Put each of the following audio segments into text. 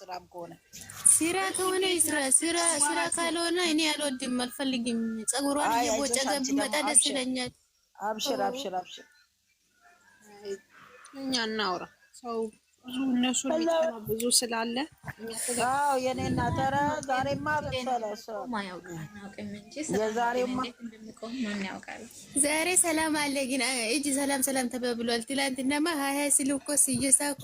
ስራም ከሆነ ስራ ከሆነ ስራ ስራ ስራ ካልሆነ እኔ አልወድም፣ አልፈልግም። ጸጉሯን እየቦጨገ ብመጣ ደስ ይለኛል። አብሽር አብሽር አብሽር፣ እኛ እናውራ። ሰው ብዙ እነሱ ብዙ ስላለ አዎ፣ የኔ እናት ኧረ ዛሬማ የዛሬማ ዛሬ ሰላም አለ ግን እጅ ሰላም ሰላም ተበብሏል። ትላንትናማ ሀያ ሀያ ሲሉ እኮ ስየሳኩ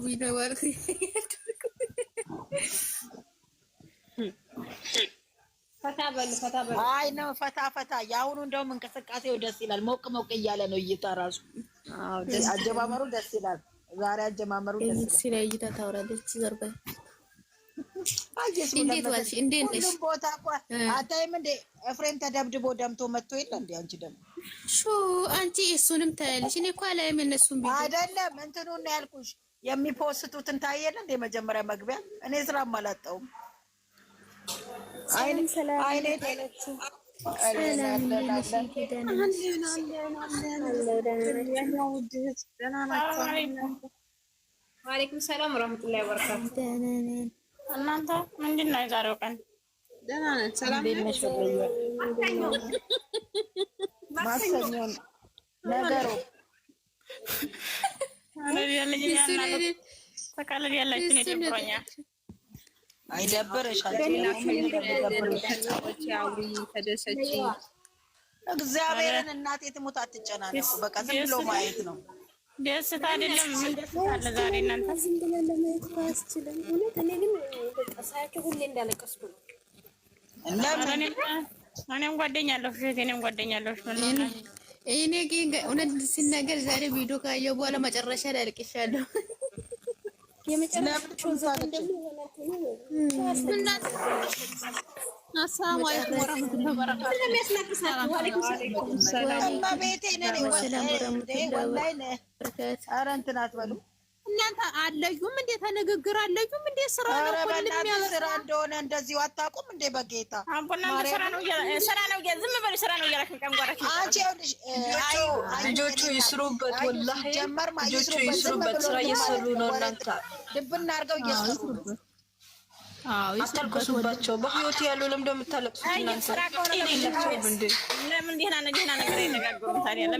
ፈታ ፈታ በሉ። አይ ነው ፈታ ፈታ። የአሁኑ እንደውም እንቅስቃሴው ደስ ይላል። ሞቅ ሞቅ እያለ ነው እይታ ራሱ። አዎ አጀማመሩ ደስ ይላል። ዛሬ አጀማመሩ ደስ ይላል። ሲላ እይታ ታውራለች። ዘርበይ እንዴት ዋልሽ? እንዴት ነሽ? ሁሉም ቦታ እኮ አታይም እንዴ? ኤፍሬም ተደብድቦ ደምቶ መጥቶ የለ እንዴ? አንቺ ደግሞ ሹ አንቺ እሱንም ታያለሽ። እኔ እኮ አላይም እነሱን ቢሆን አይደለም እንትኑን ነው ያልኩሽ የሚፖስቱትን ታየለ እንደ መጀመሪያ መግቢያ እኔ ስራም አላጣውም። አይኔ አይኔ ዋሌኩም ሰላም ወራህመቱላሂ ወበረካቱ። እናንተ ምንድን ነው የዛሬው ቀን? ደህና ነን። ሰላም ማክሰኞ ነገሩ ተቃለድ ያላችሁ ይደብረኛል። እግዚአብሔርን እናቴ ትሙት አትጨናነቁ። በቃ ዝም ብሎ ማየት ነው ደስታ አይደለም። ምን ደስታ አለ ዛሬ? እናንተ ዝም ብለን ለማየት እኔም ጓደኛ አለሁሽ፣ እኔም ጓደኛ አለሁሽ። እኔ ግን እውነት ሲናገር ዛሬ ቪዲዮ ካየሁ በኋላ መጨረሻ ላይ አልቅሻለሁ። የመጨረሻ እኛን አለዩም እንዴ? ተንግግር አለዩም እንዴ? ስራ ነው ስራ እንደሆነ እንደዚህ አታውቁም እንዴ? በጌታ ስራ ነው ዝም በሉ። ስራ ነው እያላችሁ ልጆቹ ይስሩበት፣ ወላሂ ልጆቹ ይስሩበት። ስራ እየሰሩ ነው። እናንተ ድብና አርገው እየሰሩ አታልቅሱባቸው። በህይወት ያሉ ለምደ እንደምታለቅሱት እናንተ ለምን ደህና ነገር አይነጋገሩም ታዲያ?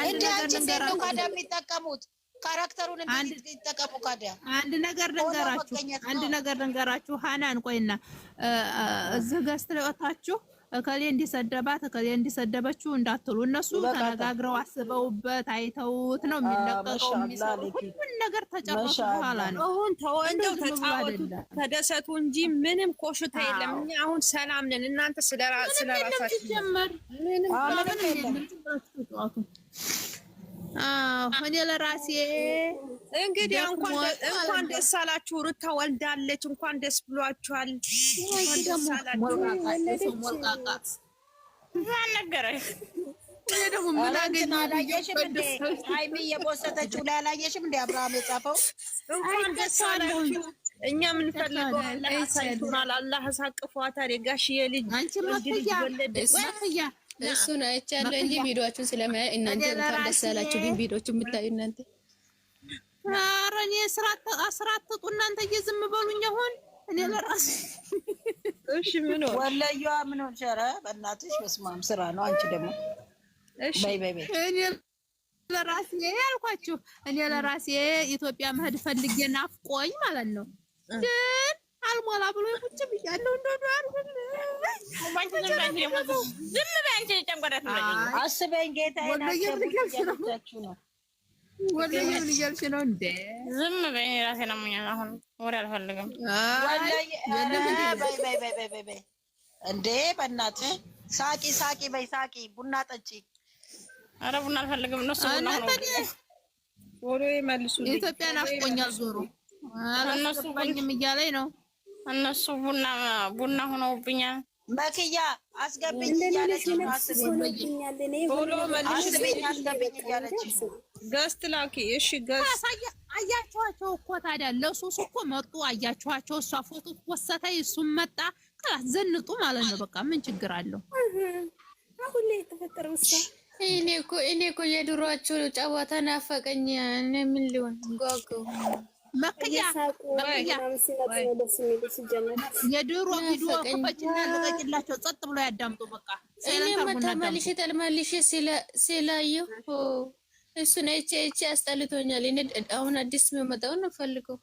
አንቺ ሴት ነው የሚጠቀሙት ካራክተሩን እንዲጠቀሙ ካዲያ አንድ ነገር ልንገራችሁ፣ አንድ ነገር ልንገራችሁ። ሀናን ቆይና እዚህ ጋር ስለወታችሁ እከሌ እንዲሰደባት እከሌ እንዲሰደበችው እንዳትሉ። እነሱ ተነጋግረው አስበውበት አይተውት ነው የሚለቀቀው። የሚሰሩ ሁሉን ነገር ተጨረሱ በኋላ ነው። አሁን ተወንደው ተጫወቱ፣ ተደሰቱ እንጂ ምንም ኮሽታ የለም። እኛ አሁን ሰላም ነን። እናንተ ስለራሳችሁ ምንም ምንም እኔ ለራሴ እንግዲህ እንኳን ደስ አላችሁ። ሩታ ወልዳለች። እንኳን ደስ ብሏችኋል። ደግሞ ምን የፖሰተችው ላይ አላየሽም እንዴ? አብርሃም የጻፈው እንኳን ደስ አላችሁ። እኛ የምንፈልገው አላህ አላህ አሳቅፏታል። የጋሽዬ ልጅ ወለደች። እሱን አይቻለሁ እንጂ ቪዲዮዎቹን ስለማያ እናንተ እንኳን ደስ ያላችሁ። ግን ቪዲዮዎቹ የምታዩ እናንተ ኧረ እኔ ስራ አትውጡ እናንተ እየዝም በሉኝ። አሁን እኔ ለራሴ እሺ፣ ምን ሆነ ወላየዋ ምን ሆነ? ኧረ በእናትሽ በስመ አብ ስራ ነው። አንቺ ደግሞ እሺ፣ እኔ ለራሴ ያልኳችሁ እኔ ለራሴ ኢትዮጵያ መሄድ ፈልጌ ናፍቆኝ ማለት ነው። ግን አልሞላ ብሎ ቁጭ ብያለሁ አስበኝ ጌታዬን አሰብኩት ነው ወላሂ ምን እያልሽ ነው እንዴ? ዝም በይ። ራሴን አሞኛል። አሁን ወደ አልፈልግም። እንዴ በእናትህ ሳቂ ሳቂ በይ ሳቂ፣ ቡና ጠጪ። ኧረ ቡና አልፈልግም። እነሱ ቡና ወደ መልሱ። ኢትዮጵያ ናፍቆኛል። ዞሮ እነሱ ባኝም እያለኝ ነው። እነሱ ቡና ቡና ሆነውብኛል። መክያ አስገብኝ እያለች ቶሎ መልሽልኝ አስገብኝ እያለች ገስት ላኪ። እሺ ገስት አያችኋቸው እኮ ታዲያ እኮ መጡ። አያችኋቸው እሷ ፎቶ ወሰተ እሱም መጣ። ከላት ዘንጡ ማለት ነው። በቃ ምን ችግር አለው? አሁን ላይ እኔ እኮ የድሯቸው ጨዋታ ናፈቀኝ። ምን ሊሆን ጓጓሁ መክያ የድሮ ቪዲዮ ክፈችና ልቀቂላቸው። ጸጥ ብሎ ያዳምጡ። በቃ ተመልሼ ተመልሼ ሲላየሁ እሱን አይቼ አይቼ አስጠልቶኛል። እኔ አሁን አዲስ የሚመጣውን ነው ፈልገው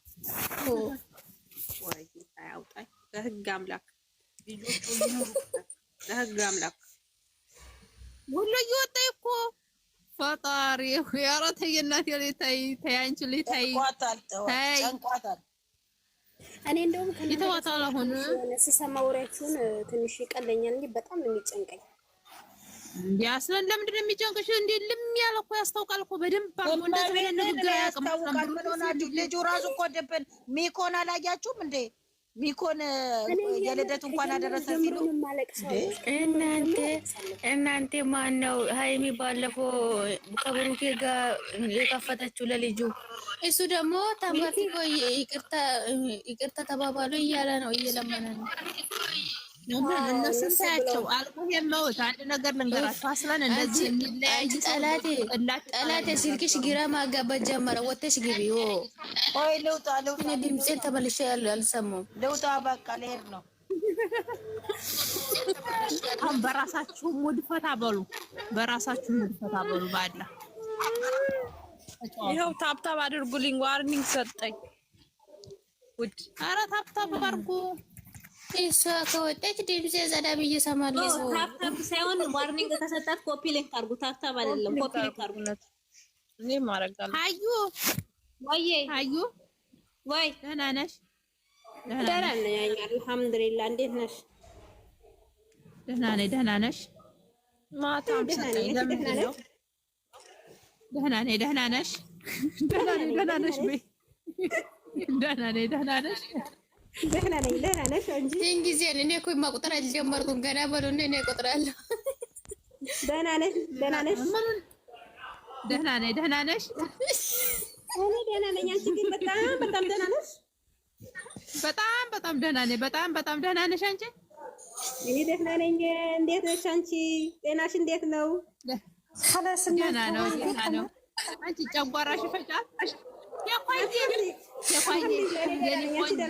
ለህግ አምላክ ለህግ አምላክ ሁሉ እየወጣ እኮ ፈጣሪ ኧረ ተይ እናቴ፣ ተይ ተይ፣ አንቺ ልጅ ተይ፣ ጨንቋታል። እኔ እንደውም ይተዋታል። አሁን ስሰማ ወሬያችሁን ትንሽ ይቀለኛል እንጂ በጣም የሚጨንቀኝ። ቢያስለን ለምንድን ነው የሚጨንቅሽ? እንዴ ልም ያለ እኮ ያስታውቃል እኮ በደንብ እንደዚህ ነገር ንግግር ምን ሆናችሁ? ልጁ ራሱ እኮ ድብን ሚኮን አላያችሁም እንዴ? ሚኮን የልደት እንኳን አደረሰ ሲሉ እናንተ እናንተ ማን ነው ሀይሚ ባለፈው ከብሩኬ ጋር የከፈተችው ለልጁ እሱ ደግሞ ተንበርክኮ ይቅርታ ተባባሉ እያለ ነው እየለመነ ነው። ስንታያቸው አልቆ የመውት አንድ ነገር ልንገራቸው። አስለን እንደዚህ የሚለያይ ጠላቴ ስልክሽ ግራ ማጋባት ጀመረ። ወተሽ ግቢ ወይ ልውጣ። ድምፄን ተመልሼ አልሰማሁም። ልውጣ በቃ ልሄድ ነው። በራሳችሁ ሙድ በሉ፣ በራሳችሁ ሙድ በሉ። ባላ ይኸው ታብታብ አድርጉልኝ። ዋርኒንግ ሰጠኝ። ውድ ኧረ ታብታብ አድርጉ እሷ ከወጣች ድምፅ ዘና ብዬ እሰማለሁ። ታፕታፕ ሳይሆን ዋርኒንግ ተሰጣት። ኮፒ ሊንክ አድርጉ። ታፕታፕ አይደለም፣ ኮፒ ሊንክ አድርጉ። አዩ ወይ አዩ ወይ፣ ደህና ነሽ? ደህና ነኝ አልሐምዱሊላህ። እንዴት ነሽ? ደህና ነኝ። ደህና ነሽ? ደህና ነኝ። ደህና ነሽ? ደህና ነኝ። ደህና ነሽ? ደህና ነኝ። ደህና ነሽ? ደህና ነኝ። ደህና ነሽ እንጂ ይህን ጊዜ እኔ እኮ መቁጠር አልጀመርኩም ገና በሉና እኔ እቆጥራለሁ። ደህና ነሽ? ደህና ነሽ? ደህና ነኝ። ደህና ነሽ? እኔ ደህና ነኝ። አንቺ ግን በጣም በጣም ደህና ነሽ? በጣም በጣም ደህና ነኝ። በጣም በጣም ደህና ነሽ አንቺ? እኔ ደህና ነኝ። እንዴት ነሽ አንቺ? ጤናሽ እንዴት ነው? ከላስ ደህና ነው። ደህና ነው። አንቺ ጨጓራሽ ይፈጫል። የቆየ የቆየ የቆየ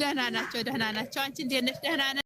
ደህና ናቸው፣ ደህና ናቸው። አንቺ እንዴት ነሽ? ደህና ነ